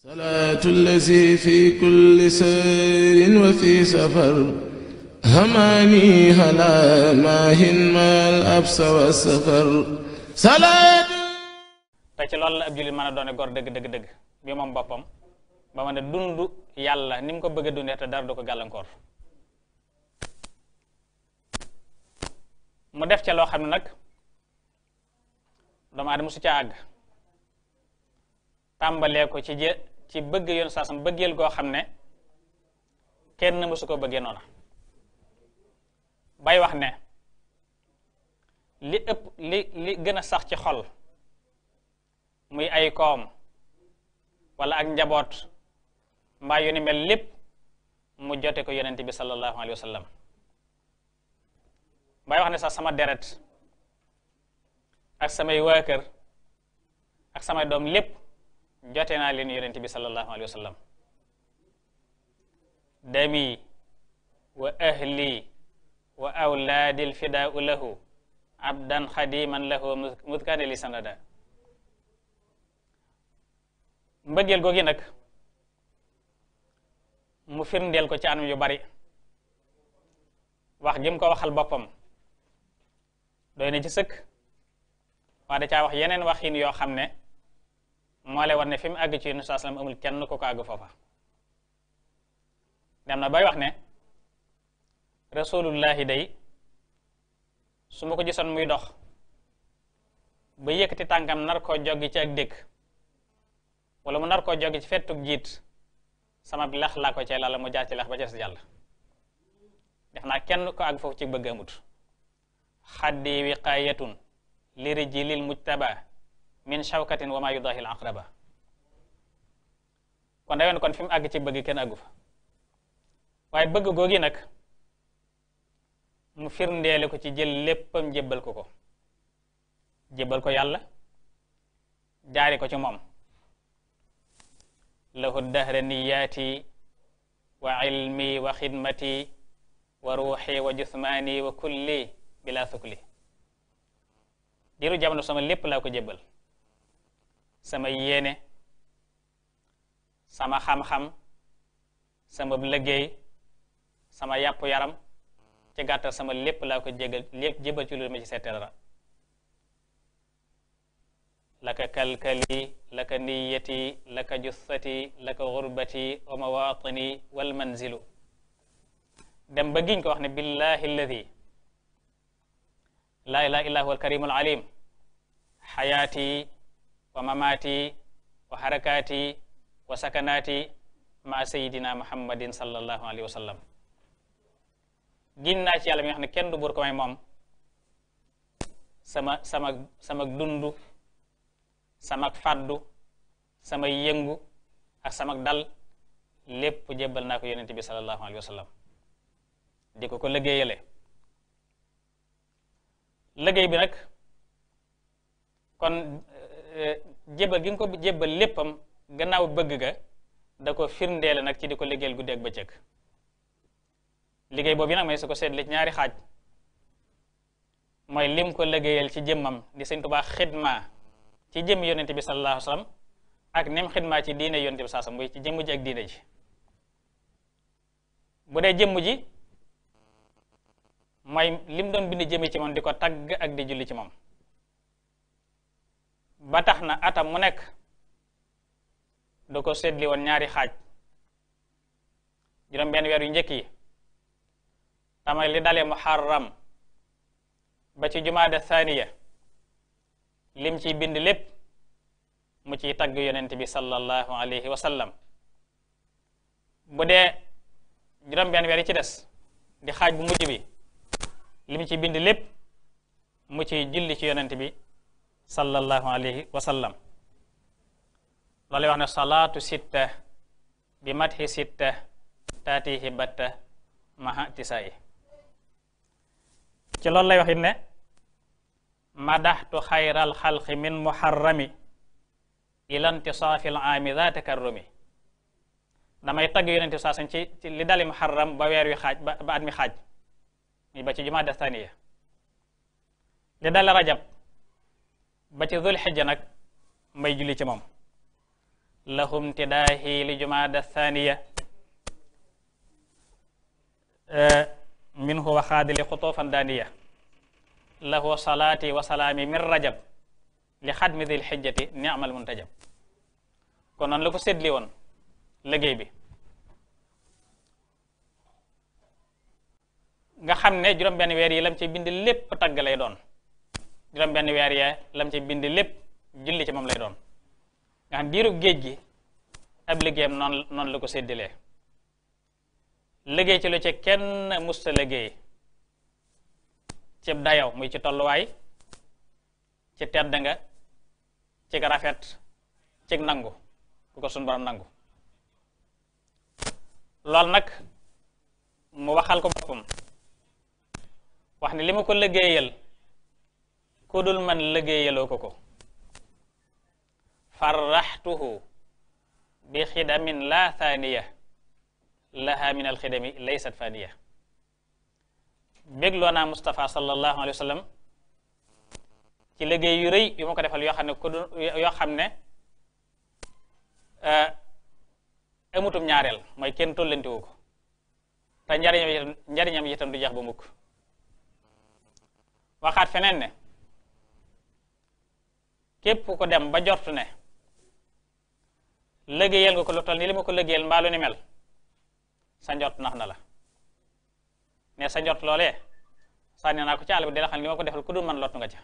salaatu allazi fi kulli sayrin wa wa safar salaatu te ci loolu la ab a doone góor dëgg dëgg dëgg bi boppam ba ma ne dund yàlla ni mu ko bëgg a dundee te dara ko gàllankoor mu def ca loo xam ne nag doomu aadama su ca ko ci jë ci bëgg yoon saasam bëggeel goo xam ne kenn mësu ko bëggee noona bay wax ne li ëpp li li gën a sax ci xol muy ay koom wala ak njaboot mbaa yu ni mel lépp mu jote ko yonent bi sallallahu alayhi wa sallam bay wax ne sax sama deret ak samay waa kër ak samay doom lépp jote naa leen yonent bi sallallahu alayhi wa sallam dami wa ahli wa awlaadi alfidaau lahu abdan xadiman lahu mutkane li sanada mbëggeel googi nag mu firndeel ko ci anam yu bari wax gi mu ko waxal boppam doy na ci waa da caa wax yeneen waxin yoo xam ne moo lay war ne mu àgg ci yonent saa salaam amul kenn ku ko àgg foofa dem na bay wax ne rasulullahi day su ma ko gisoon muy dox ba yëkkati tànkam nar koo joggi ci ak dëkk wala mu nar koo joggi ci fettug jiit sama lax laa ko cee lal mu jaar ci lax ba ca si jàll def naa kenn ko àgg foofu ci bëgg amut xaddi wiqaayatun li rijilil mujtaba min shawkatin wa ma yudahil aqraba kon da yoon kon fi mu àgg ci bëgg kenn àggu fa waaye bëgg googi nag mu firndeele ko ci jël léppam jébbal ko ko jébbal ko yàlla jaari ko ci moom lahu dahra niyaati wa xidmati wa ruuxi wa jusmaani wa kulli bila sukli diru jamono sama lépp laa ko jébbal sama yéene sama xamxam sama liggéey sama yàpp yaram ci gàttal sama lépp laa ko jégal lépp jébal ci lu ma ci seete dara laka kalkali laka niyati laka jussati laka gurbati wa mawatini wal manzilu dem ba ko wax ne billahi alladi laa huwa alkarimul alim xayaati wa mamaati wa harakaati wa sakanaati ma sayidina muhammadin sallallahu alayhi wa sallam ci yàlla mi nga xam kenn du buur may moom sama sama sama dundu sama faddu sama yëngu ak sama dal lépp jébbal naa ko yonente bi sallallahu alayhi wa di ko ko liggéeyale liggéey bi nag kon Euh, jébbal gi nga ko jébbal léppam gannaaw bëgg ga da ko firndeele nag ci di ko liggéeyal guddeeg bëccëg liggéey boobu yi nag may su ko seetle ñaari xaaj mooy lim ko liggéeyal ci jëmmam di Sëñ Tuubaa xidma ci jëmm yonente bi sallallahu alayhi wa sallam ak nim xidma ci diine yonente bi saasam ci jëmm ji ak diine ji bu dee jëmm ji mooy lim doon bind jëme ci moom di ko tagg ak di julli ci moom ba tax na atam mu nekk da ko séddli woon ñaari xaaj juróom benn weer yu njëkk yi tamay li dalee muharram ba ci jumaada thaniya lim ciy bind lépp mu ciy tagg yonent bi sallallahu alayhi wa bu dee juróom benn weer yi ci des di xaaj bu mujj bi lim ci bind lépp mu ciy julli ci yonent bi sallallahu alayhi wa sallam loolu wax ne salaatu sitta bi matxi sitta taatihi batta maha tisaayi ci loolu lay wax it ne madaxtu xayral xalqi min muharrami ila intisaafi al aami daa takarrumi damay tagg yonent bi saa sañ ci li dali muharram ba weer wi xaaj ba at mi xaaj mi ba ci jumaa dastaniya li dali rajab ba ci zul xijja nag may julli ci moom lahum tidaahi li jumaada thaniya minhu wa xaadili xutoofan daaniya lahu salaati wa salaami min li xadmi dil xijjati ni'mal muntajab la ko séddli woon liggéey bi nga xam ne juróom benn weer yi lam ci bind lépp tagg lay doon juróom benn weer yee lam ci bind lépp julli ci moom lay doon nga xam diiru géej gi ab liggéeyam noonu la ko séddalee liggéey ci lu ci kenn musta liggéey ci dayaw muy ci tolluwaay ci tedd nga ci rafet ci nangu ku ko suñu borom nangu loolu nag mu waxal ko boppam wax ne li ma ko liggéeyal ku dul man liggéeyaloo ko ko farraxtuhu bi xidamin laa thaniya laha min alxidami laysat faniya bégloo naa Moustapha sallallahu alayhi wa sallam ci liggéey yu rëy yu ma ko defal yoo xam ne ku dul yoo xam ne euh, amutum ñaareel mooy kenn tollantiwu ko te njariñam njariñam itam du jeex ba mukk waxaat feneen ne képp ko dem ba jortu ne liggéeyal nga ko lu toll ni li ma ko liggéeyal mbaa lu ni mel sa njort nax na la ne sa njort lool sànni naa ko ci àll bi di la ku dul man lottu nga ca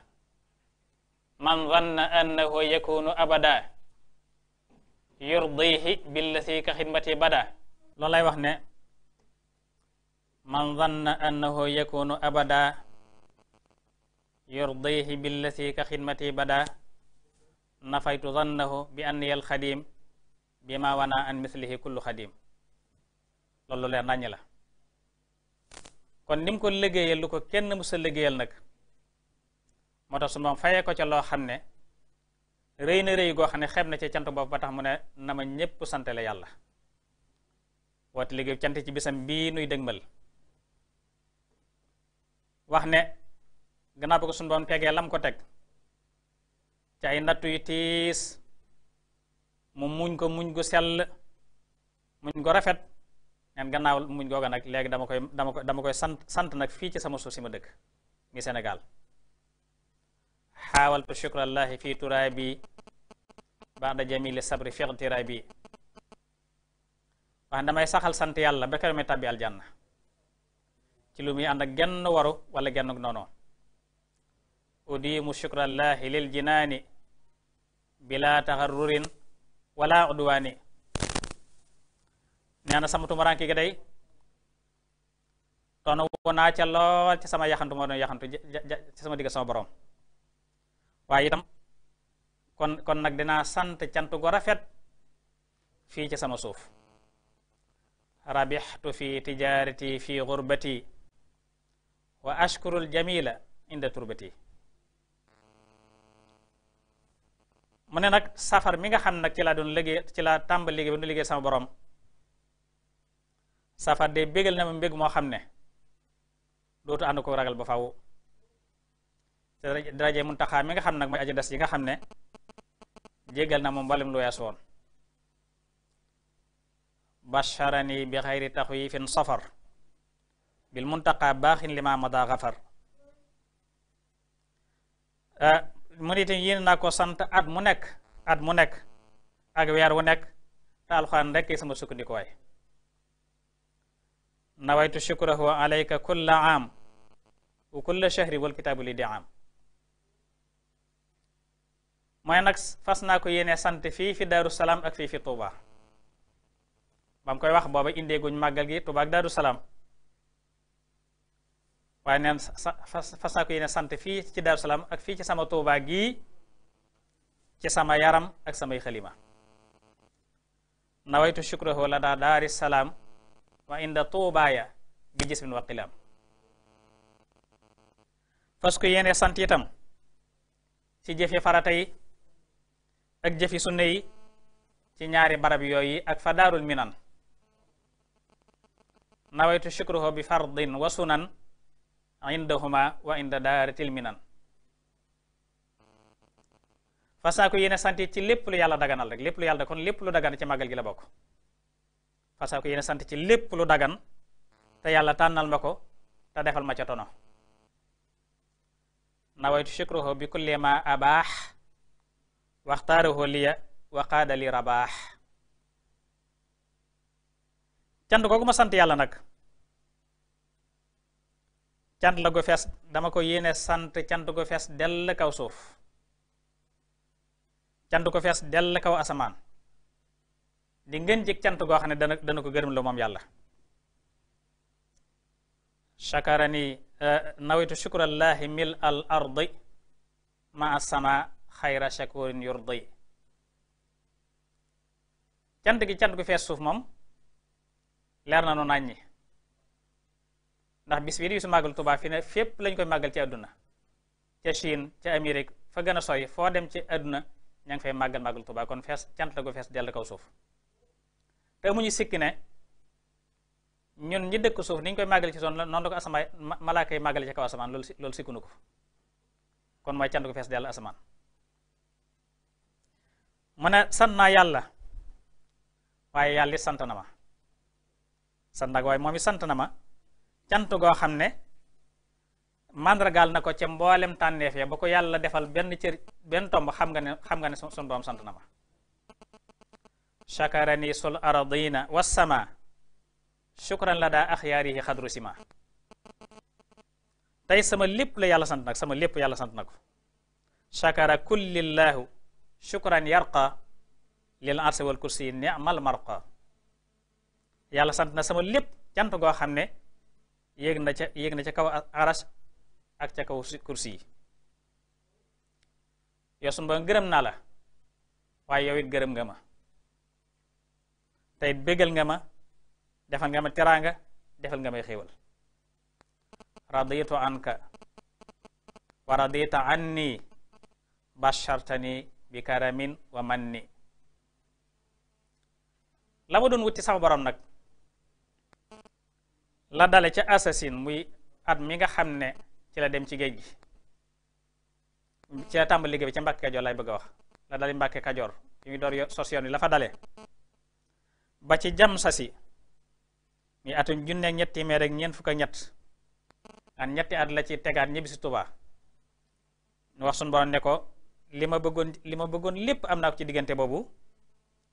man zanna annahu yakunu abada yurdihi billati ka xidmati bada loolu lay wax ne man zanna annahu yakunu abada yurdihi billati ka xidmati bada nafaytu zannahu bi anni al xadim bi ma wana an mislihi kullu xadim loolu leer naññ la kon ni mu ko liggéeyal lu ko kenn mësa liggéeyal nag moo tax su moom fayee ko ca loo xam ne rëy na rëy goo xam ne xeeb na ca cant boobu ba tax mu ne na ma ñépp sant la yàlla woote liggéey cant ci bisam bii nuy dëgmal wax ne gannaaw ba ko suñu doon tegee lam ko teg ci ay nattu yu tiis mu muñ ko muñ gu sell muñ ko rafet neen gannaaw muñ googa nag léegi dama koy dama koy dama koy sant sant nag fii ci sama suuf si ma dëkk ngi Sénégal xaawaltu shukrallahi fii turaabi ba'da jamili sabri fi bi wax damay saxal sant yàlla ba kër may tàbbi aljanna ci lu muy ànd ak genn waru wala genn noonu udiimu shukra llahi lil jinaani bila taxarrurin wala udwaani nee na sama tumuraanki gi day doon wonaa ca lool ci sama yaxantu moo doon yaxantu ci sama digg sama borom waaye itam kon kon nag dinaa sant cant gu rafet fii ci sama suuf rabixtu fi tijaarati fi gurbati wa ashkuru al jamila inda turbati mu ne nag safar mi nga xam nag ci laa doon liggéey ci laa tàmbali liggéey ba nu liggéey sama borom safar de bégal na ma mbég moo xam ne dootu ànd ko ragal ba faw daraje Muntaxa mi nga xam nag mooy aji des yi nga xam ne jégal na moom mbalem lu wees woon basharani bi xayri taxwifin safar bil muntaqa baaxin lima mada xafar ah, murit yi yéen ko sant at mu nekk at mu nekk ak weer wu nekk te alxuraan rekk sama sukkandikuwaay nawaytu shukrahu alayka kulla aam wa kulla shahri wal kitaabu li aam mooy nag fas naa ko yéene sant fii fi Daaru Salaam ak fii fi Tuuba ba koy wax booba indee guñ màggal gi Tuuba ak Daaru Salaam waaye neen fas naa ko yéene sant fii ci Daaru Salaam ak fii ci sama Tuubaa gii ci sama yaram ak samay xalima nawaytu shukrahu la daa daari salaam wa inda tuubaaya bi jismin wa qilaam fas ko yéene sant itam ci jëfi farata ak jëfi sunna ci ñaari barab yooyu ak fa daarul minan nawaytu shukrahu bi fardin wa sunan indahuma wa inda daaratil minan fasaako yéene sant ci lépp lu yàlla daganal rek lépp lu yàlla kon lépp lu dagan ci màggal gi la bokk fasaako yéene sant ci lépp lu dagan te yàlla tànnal ma ko te defal ma ca tono nawaytu shukruhu bi kulli ma abaax waxtaarahu liya wa qaada li rabaax cant googu ma sant yàlla nag cant la ko fees dama ko yéene sant cant ko fees dell kaw suuf cant ko fees dell kaw asamaan di ngeen jëg cant goo xam ne dana dana ko gërëm la moom yàlla chakarani eh, nawetu shukrallaahi mil al ardi ma sama xayra shakurin yurdi cant gi cant gu fees suuf moom leer na nu yi ndax bis bii di bisu màggal Tuubaa fi ne fépp lañ koy màggal ci àdduna ca Chine ca Amérique fa gën a sooy foo dem ci àdduna ña ngi fay màggal màggal Tuubaa kon fees cant la ko fees dell kaw suuf te amuñu sikki ne ñun ñu dëkk suuf ni ñu koy màggal ci soon noonu la ko asamaan malaaka yi màggale ci kaw asamaan loolu loolu sikkunu ko kon mooy cant ko fees dell asamaan mu ne sant naa yàlla waaye yàlla sant na ma sant nag waaye moom it sant na ma cant goo xam ne màndargaal na ko ca mboolem tànneef ya ba ko yàlla defal benn cër benn tomb xam nga ne xam nga ne sun doom sant na ma chakarani sul aradina wassama shukran la daa axyaarihi xadru sima tey sama lépp la yàlla sant sama lépp yàlla sant na ko chakara kullillahu shukran yarqa lil arsi wal kursi ni'mal marqa yàlla sant na sama lépp cant goo xam ne yéeg na ca yéeg na ca kaw arash ak ca kaw kursi yi yow sunu borom gërëm naa la waaye yow it gërëm nga ma tey bégal nga ma defal nga ma teraanga defal nga may xéewal raditu anka wa radita anni bashartani bi wa manni la ma doon wuti sama borom nag la dale ca assassine muy at mi nga xam ne ci la dem ci géej gi ci la tàmbali liggéey bi ca Mbàkke Kajoor lay bëgg a wax la dale Mbàkke Kajoor yu ngi door sos yoon wi la fa dale ba ci jam sasi muy atum junne ñetti téeméer ak ñeent fukk ñett an ñetti at la ci tegaat ñibbi si tubaa ñu wax suñu borom ne ko li ma bëggoon li ma bëggoon lépp am naa ko ci diggante boobu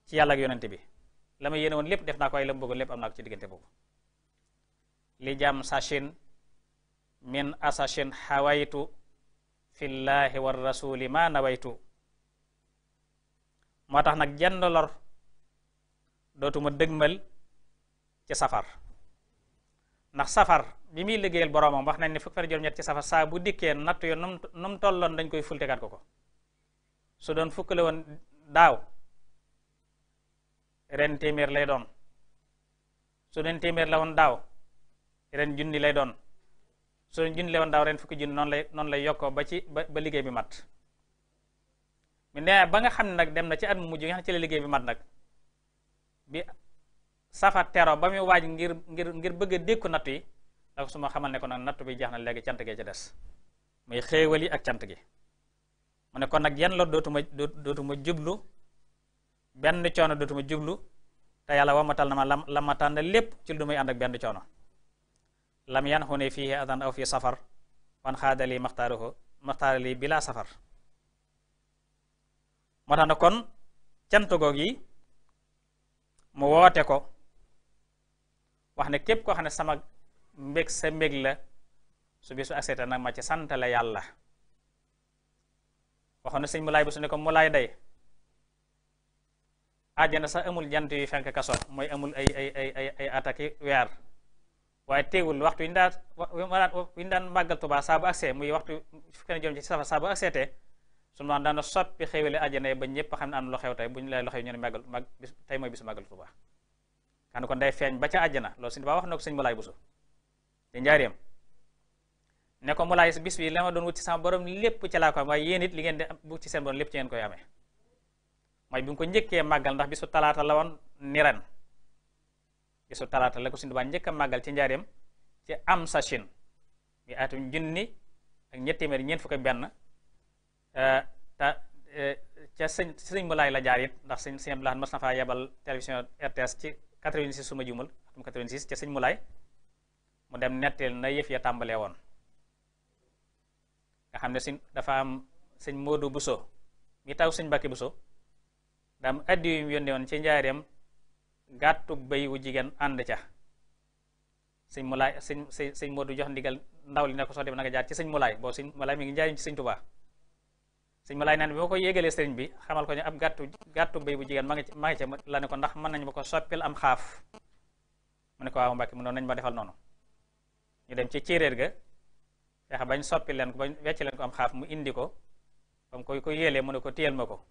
ci yàlla ak bi la ma yéene woon lépp def naa ko ay la ma bëggoon lépp am naa ko ci boobu lijamsashin min asashin hawaytu fillahi war ma nawaytu moo tax nag jenn lor dootuma dëgmal ci safar ndax safar bi muy liggéeyal boroomam wax nañ ne fukki fan juróom-ñett ci safar saa bu dikkee natt yo num tolloon dañ koy fultegaat ko ko su doon fukk la woon daaw ren téeméer lay doon su doon téeméer la woon daaw ren junni lay doon soo leen junni lay woon daaw ren fukki junni noonu lay noonu lay yokkoo ba ci ba liggéey bi mat mu ne ba nga xam ne nag dem na ci at mu mujj nga xam ne ci la liggéey bi mat nag bi safa tero ba muy waaj ngir ngir ngir bëgg a dékku natt yi da su ma xamal ne ko nag natt bi jeex na léegi cant gee ci des muy xéewal yi ak cant gi mu ne kon nag yan la dootuma dootuma jublu benn coono dootuma jublu te yàlla wamatal na ma la ma tànn lépp ci lu may ànd benn coono lam yanxuni fiihi adan aw fi safar wan xaadali maxtaarali bila safar moo tax na kon cant goog yi mu woote ko wax ne képp koo xam ne sama mbég sa mbég la su bisu akseta nag ma ci sant yàlla waxoon na sëñ mu laay bu su ko mu laay day àjjana sax amul jant yu fenk kaso mooy amul ay ay ay ay ay weer waaye teewul waxtu wi ñu daan wi ñu daan màggal Tuubaa saa bu agsee muy waxtu fukki na ci safar saa bu agseetee suñu waan daana soppi xéwale àjjana ba ñëpp xam ne am na bu ñu lay loxew ñu ne màggal mag bis tey mooy bisu màggal Tuubaa kan kon day feeñ ba ca àjjana loolu sëñ wax na ko sëñ Mulaay Buso di njaareem ne ko bis bi la ma doon wut ci sama borom lépp ci laa ko am waaye yéen li ngeen di bu ci seen borom lépp ci ngeen koy amee mooy bi nga ko njëkkee màggal ndax bisu talaata la woon niren bisu talaata la ko Sëñ Tuubaa njëkk a màggal ci njaareem ci am sachin mi atum junni ak ñetti téeméer ñeent fukk ak benn euh, te euh, ca sëñ sëñ mu la jaar it ndax sëñ sëñ Abdoulaye mas na faa yebal télévision RTS ci 86 su ma juumal atum 86 ca sëñ mu laay mu dem netteel na yëf ya tàmbalee woon nga xam ne sëñ dafa am sëñ Modou Bousso mi taw sëñ Mbàkke Bousso daa am addi yu mu yónnee woon ci njaareem gàttug bay wu jigéen ànd ca sëñ mulaay sëñ sëñ sëñ Modou jox ndigal ndaw li ne ko soo dem na nga jaar ci sëñ mulaay boo sëñ mulaay mu ngi njaariñ ci sëñ Tuubaa sëñ mulaay naan bi ma ko yégalee sëriñ bi xamal ko ñu ab gàttu gàttu bay bu jigéen ma ngi ma ngi ca la ne ko ndax mën nañ ma ko soppil am xaaf mu ne ko waaw Mbàkke mu noonu nañ ma defal noonu ñu dem ci céréer ga fexe bañ soppil leen ko bañ wecc leen ko am xaaf mu indi ko comme koy ko yélee mu ne ko téyel ma ko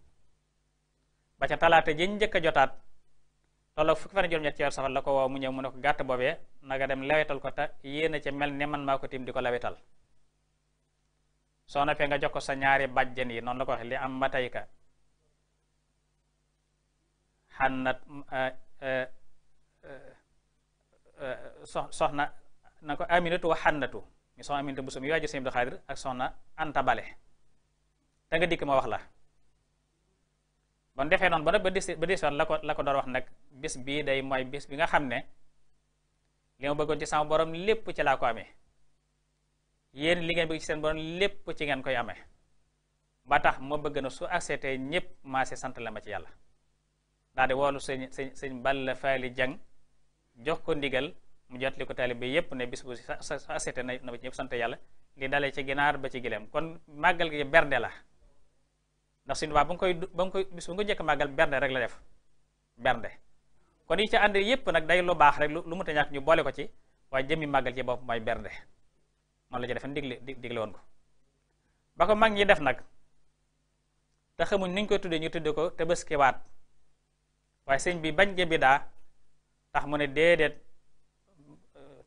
tolloog fukki fan ak juróom-ñett ci safar la ko woo mu ñëw mu ne ko gàtt boobee naga dem lawetal ko ta yéen a ca mel ne man maa ko tiim di ko lawetal soo nga jox ko sa ñaari bàjjen yi noonu la ko waxee li am matayka xannat eh, eh, eh, soxna na ko aminatu wa xannatu mi soxna aminatu busum yi waaju sëñ Abdu Xaadir ak soxna Anta Bale te nga dikk ma wax la bon defee noonu ba ba disi ba disoon la ko la ko door wax nag bis bii day mooy bis bi nga xam ne li ma bëggoon ci sama borom lépp ci laa ko amee yéen li ngeen bëgg ci seen borom lépp ci ngeen koy amee ba tax ma bëgg na su agsee tey ñëpp maa sant la ma ci yàlla daal di woolu sëñ sëñ sëñ Balla Faali Jang jox ko ndigal mu jot li ko taalibe yépp ne bis bu su agsee tey na ba ci ñëpp sant yàlla li dalee ci ginaar ba ci gileem kon màggal gi bernde la ndax Sëñ Tuubaa ba nga koy ba nga koy bis bu nga màggal bernde rek la def bernde kon yi ca ànd yépp nag day lu baax rek lu mu ta ñàkk ñu boole ko ci waaye jëmmi màggal ci bopp mooy bernde moom la ci defen digle digle woon ko ba ko mag ñi def nag te xamuñ ni koy tuddee ñu tuddee ko waat waaye sëñ bi bañ ge daa tax mu ne déedéet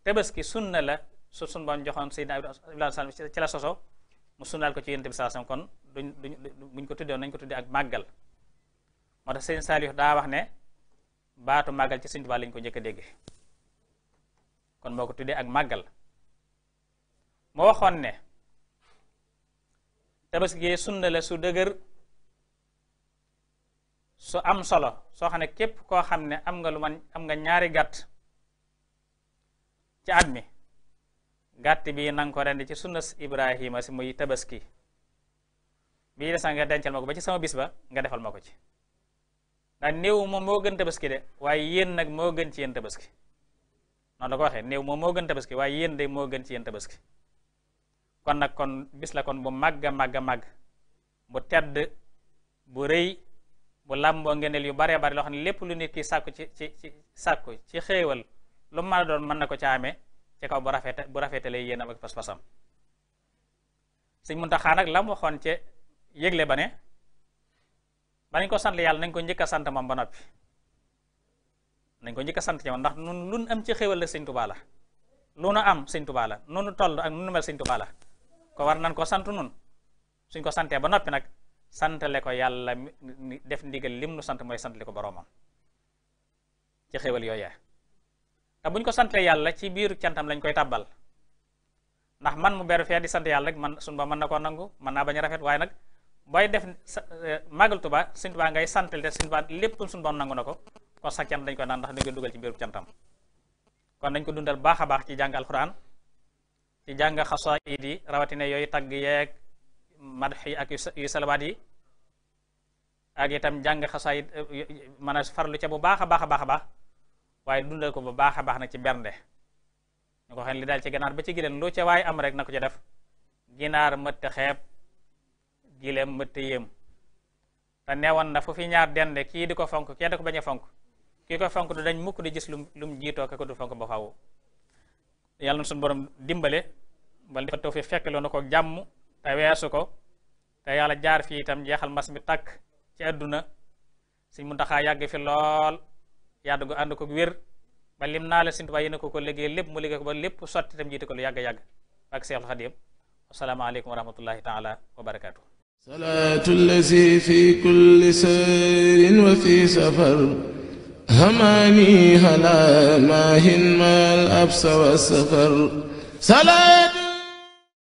tëbëski sunna la su sun boon joxoon Seydina Ibrahima ci la soso mu sunnaal ko ci yonent bi saasam kon duñ duñ buñ ko tuddewoon nañ ko tuddee ak màggal moo tax sëñ Saliou daa wax ne baatu màggal ci Sëñ Tuubaa lañ ko njëkk a déggee kon moo ko tuddee ak màggal moo waxoon ne tabaski sunna la su dëgër su am solo soo xam ne képp koo xam ne am nga lu man am nga ñaari gàtt ci at mi gàtt bi na nga ko rendi ci sunna Ibrahima si muy tabaski bii des nga dencal ma ko ba ci sama bis ba nga defal ma ko ci ndax néew moom moo gën tabaski de waaye yéen nag moo gën ci yéen tabaski noonu la ko waxee néew moom moo gën waaye yéen de moo gën ci yéen kon nag kon bis la kon bu màgg a màgg a màgg bu tedd bu rëy bu làmboo ngeneel yu baree bari loo xam ne lépp lu nit ki sàkku ci ci ci sàkku ci xéewal lu mën a doon mën na ko caame ci kaw bu rafet bu rafetalee yéenam ak pas-pasam sëñ Muntaxa nag la mu waxoon ci yëgle ba ne banañ ko sant yàlla nañ ko njëkk a sant moom ba noppi nañ ko njëkk sant ñoom ndax nun lun am ci xéwal la sëñ Tuubaa la am sëñ Tuubaa la nu nu ak nu nu mel sëñ Tuubaa ko war nañ ko sant nun suñ ko santee ba noppi nag santale ko yàlla def ndigal lim nu sant mooy santale ko boroomam ci xéwal yooya te buñ ko sante yàlla ci biir cantam lañ koy tàbbal ndax man mu beru fee di sant yàlla rek man suñu ba mën na koo nangu mën naa bañ a rafet waaye nag booy def eh, màggal Tuba Sëñ Tuba ngay santal te Sëñ Tuba lépp suñu ba nangu na ko kon sax cant dañ koy naan ndax dañ koy dugal ci biiru cantam kon dañ ko dundal baax a baax ci jàng alxuraan ci jàng xasaayid yi rawatina yooyu tagg yeeg madax yi ak yu salawaat yi ak itam jàng xasaayid eh, mën a farlu ca bu baax a baax baax a baax waaye dundal ko bu baax a baax na ci bernde ñu ko xam li daal ci ganaar ba ci giléem loo ca waaye am rek na ko ca def ginaar mëtt xeeb giléem mëtt yéem te newoon na fu ñaar dende kii di ko fonk kee ko bañ a fonk kii ko du dañ mukk di gis lu lu mu jiitoo ka ko du fonk ba faaw yàlla na suñu borom dimbale bal dafa taw fi fekk loonu ko jàmm te weesu ko te yàlla jaar fii itam jeexal mas mi takk ci àdduna suñ mu taxaa yàgg fi lool yàddu gu ànd ko wér ba lim naa la sint waaye yéen ko ko liggéey lépp mu liggéey ko ba lépp sotti tam jiite ko lu yàgg yàgg ak Seexul Xadim asalaamaaleykum wa rahmatullahi taala wa barakaatu salaatu allazi fi kulli sayrin wa fi safar hamaani hala maahin maal absa wa safar